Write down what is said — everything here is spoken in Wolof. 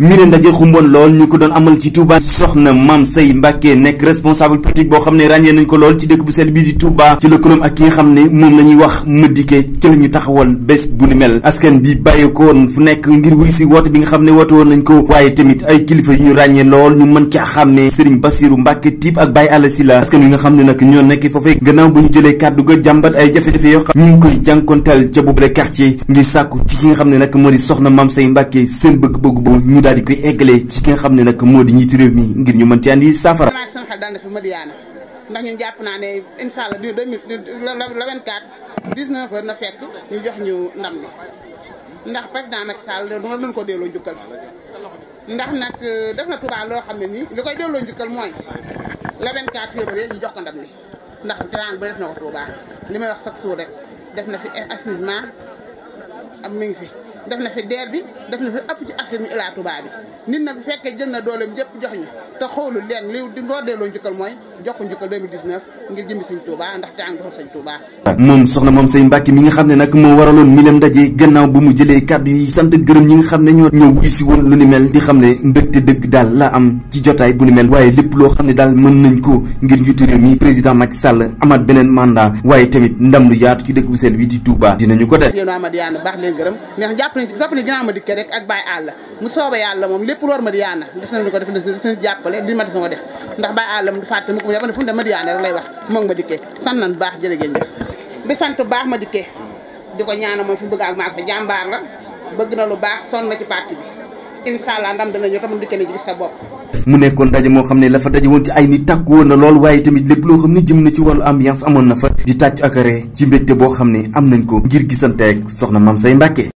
mire ndaje xumboon lool ñu ko doon amal ci Touba soxna Mame Saye Mbacké nekk responsable politique boo xam ne ràññee nañ ko lool ci dëkk bu seen bii di Touba ci lëkkaloom ak ki nga xam ne moom la ñuy wax Madické ci la ñu taxawal bu ni mel askan bi bàyyeekoon fu nekk ngir wuy si woote bi nga xam ne woote woon nañ ko waaye tamit kilifa yu ñu ràññee ñu mën ci xam ne Serigne Bassirou Mbacké Typ ak Baye Alla Sylla askan yi nga xam ne nag ñoo nekk foofee gannaaw bu ñu jëlee kàddu ga jàmbat ay jafe-jafe yoo xam ñu ngi koy jànkonteel ca boobule quartier ngir sàkku ci ki nga xam ne nag moo di soxna Mame Saye Mbacké seen bëgg-bëgg boobu daal di koy eggalee ci ki nga xam ne nag moo di njiitu réew mi ngir ñu mën ci andi saafara. maanaam seen xel daan na fi Madiyana ndax ñun jàpp naa ne incha du 2000 la la 24 19 na fekk ñu jox ñu ndam li ndax président Macky Sall dama doon ko delloo njukkal euh, def na Touba loo xam ne nii li koy delloo njukkal mooy la 24 février ñu jox ko ndam li ndax grand ba def na ko Touba li may wax chaque jour rek def na fi assainissement am mi fi. def na fi deer bi def na fi ëpp ci affaire bi Ila Touba bi nit nag bu fekkee jël na dooleem yëpp jox ñu te xoolul leen li di loo delloo njukkal ko njukkal 2019 ngir jëmbi sëñ Touba ndax mi nga xam ne nag moo waraloon mi leen daje gannaaw bu mu jëlee kàddu yi sant gërëm ñi nga xam ne ñoo ñoo wuyu si woon lu ni mel xam ne mbégte dëgg daal la am ci jotaay bu ni mel waaye lépp loo xam ne daal mën nañ ko ngir njiitu réew président Macky Sall amaat beneen mandat waaye tamit ndam lu yaatu ci dëkk bu sell bi di Touba dinañu ko def jàpp nañ jàpp ak bàyyi àll mu soobee moom lépp loor ma di yaana des nañu ko ko def ndax bàyyi àll mu fàtte mu ko jàpp ne fu mu dem ma di yaana rek lay wax moom ma dikkee sant baax jërë di sant baax ma dikkee di ko ñaana moom fi bëgg ak maa ko jàmbaar la bëgg na lu baax sonn na ci parti bi incha allah ndam dana ñëw tam dikkee na ci sa bopp mu nekkoon ndaje moo xam ne la fa daje woon ci ay ni tàkku woon na lool waaye tamit lépp loo xam ne jëm na ci wàllu ambiance amoon na fa di tàccu akare ci mbégte boo xam ne am nañ ko ngir gisanteeg soxna Mame say Mbacké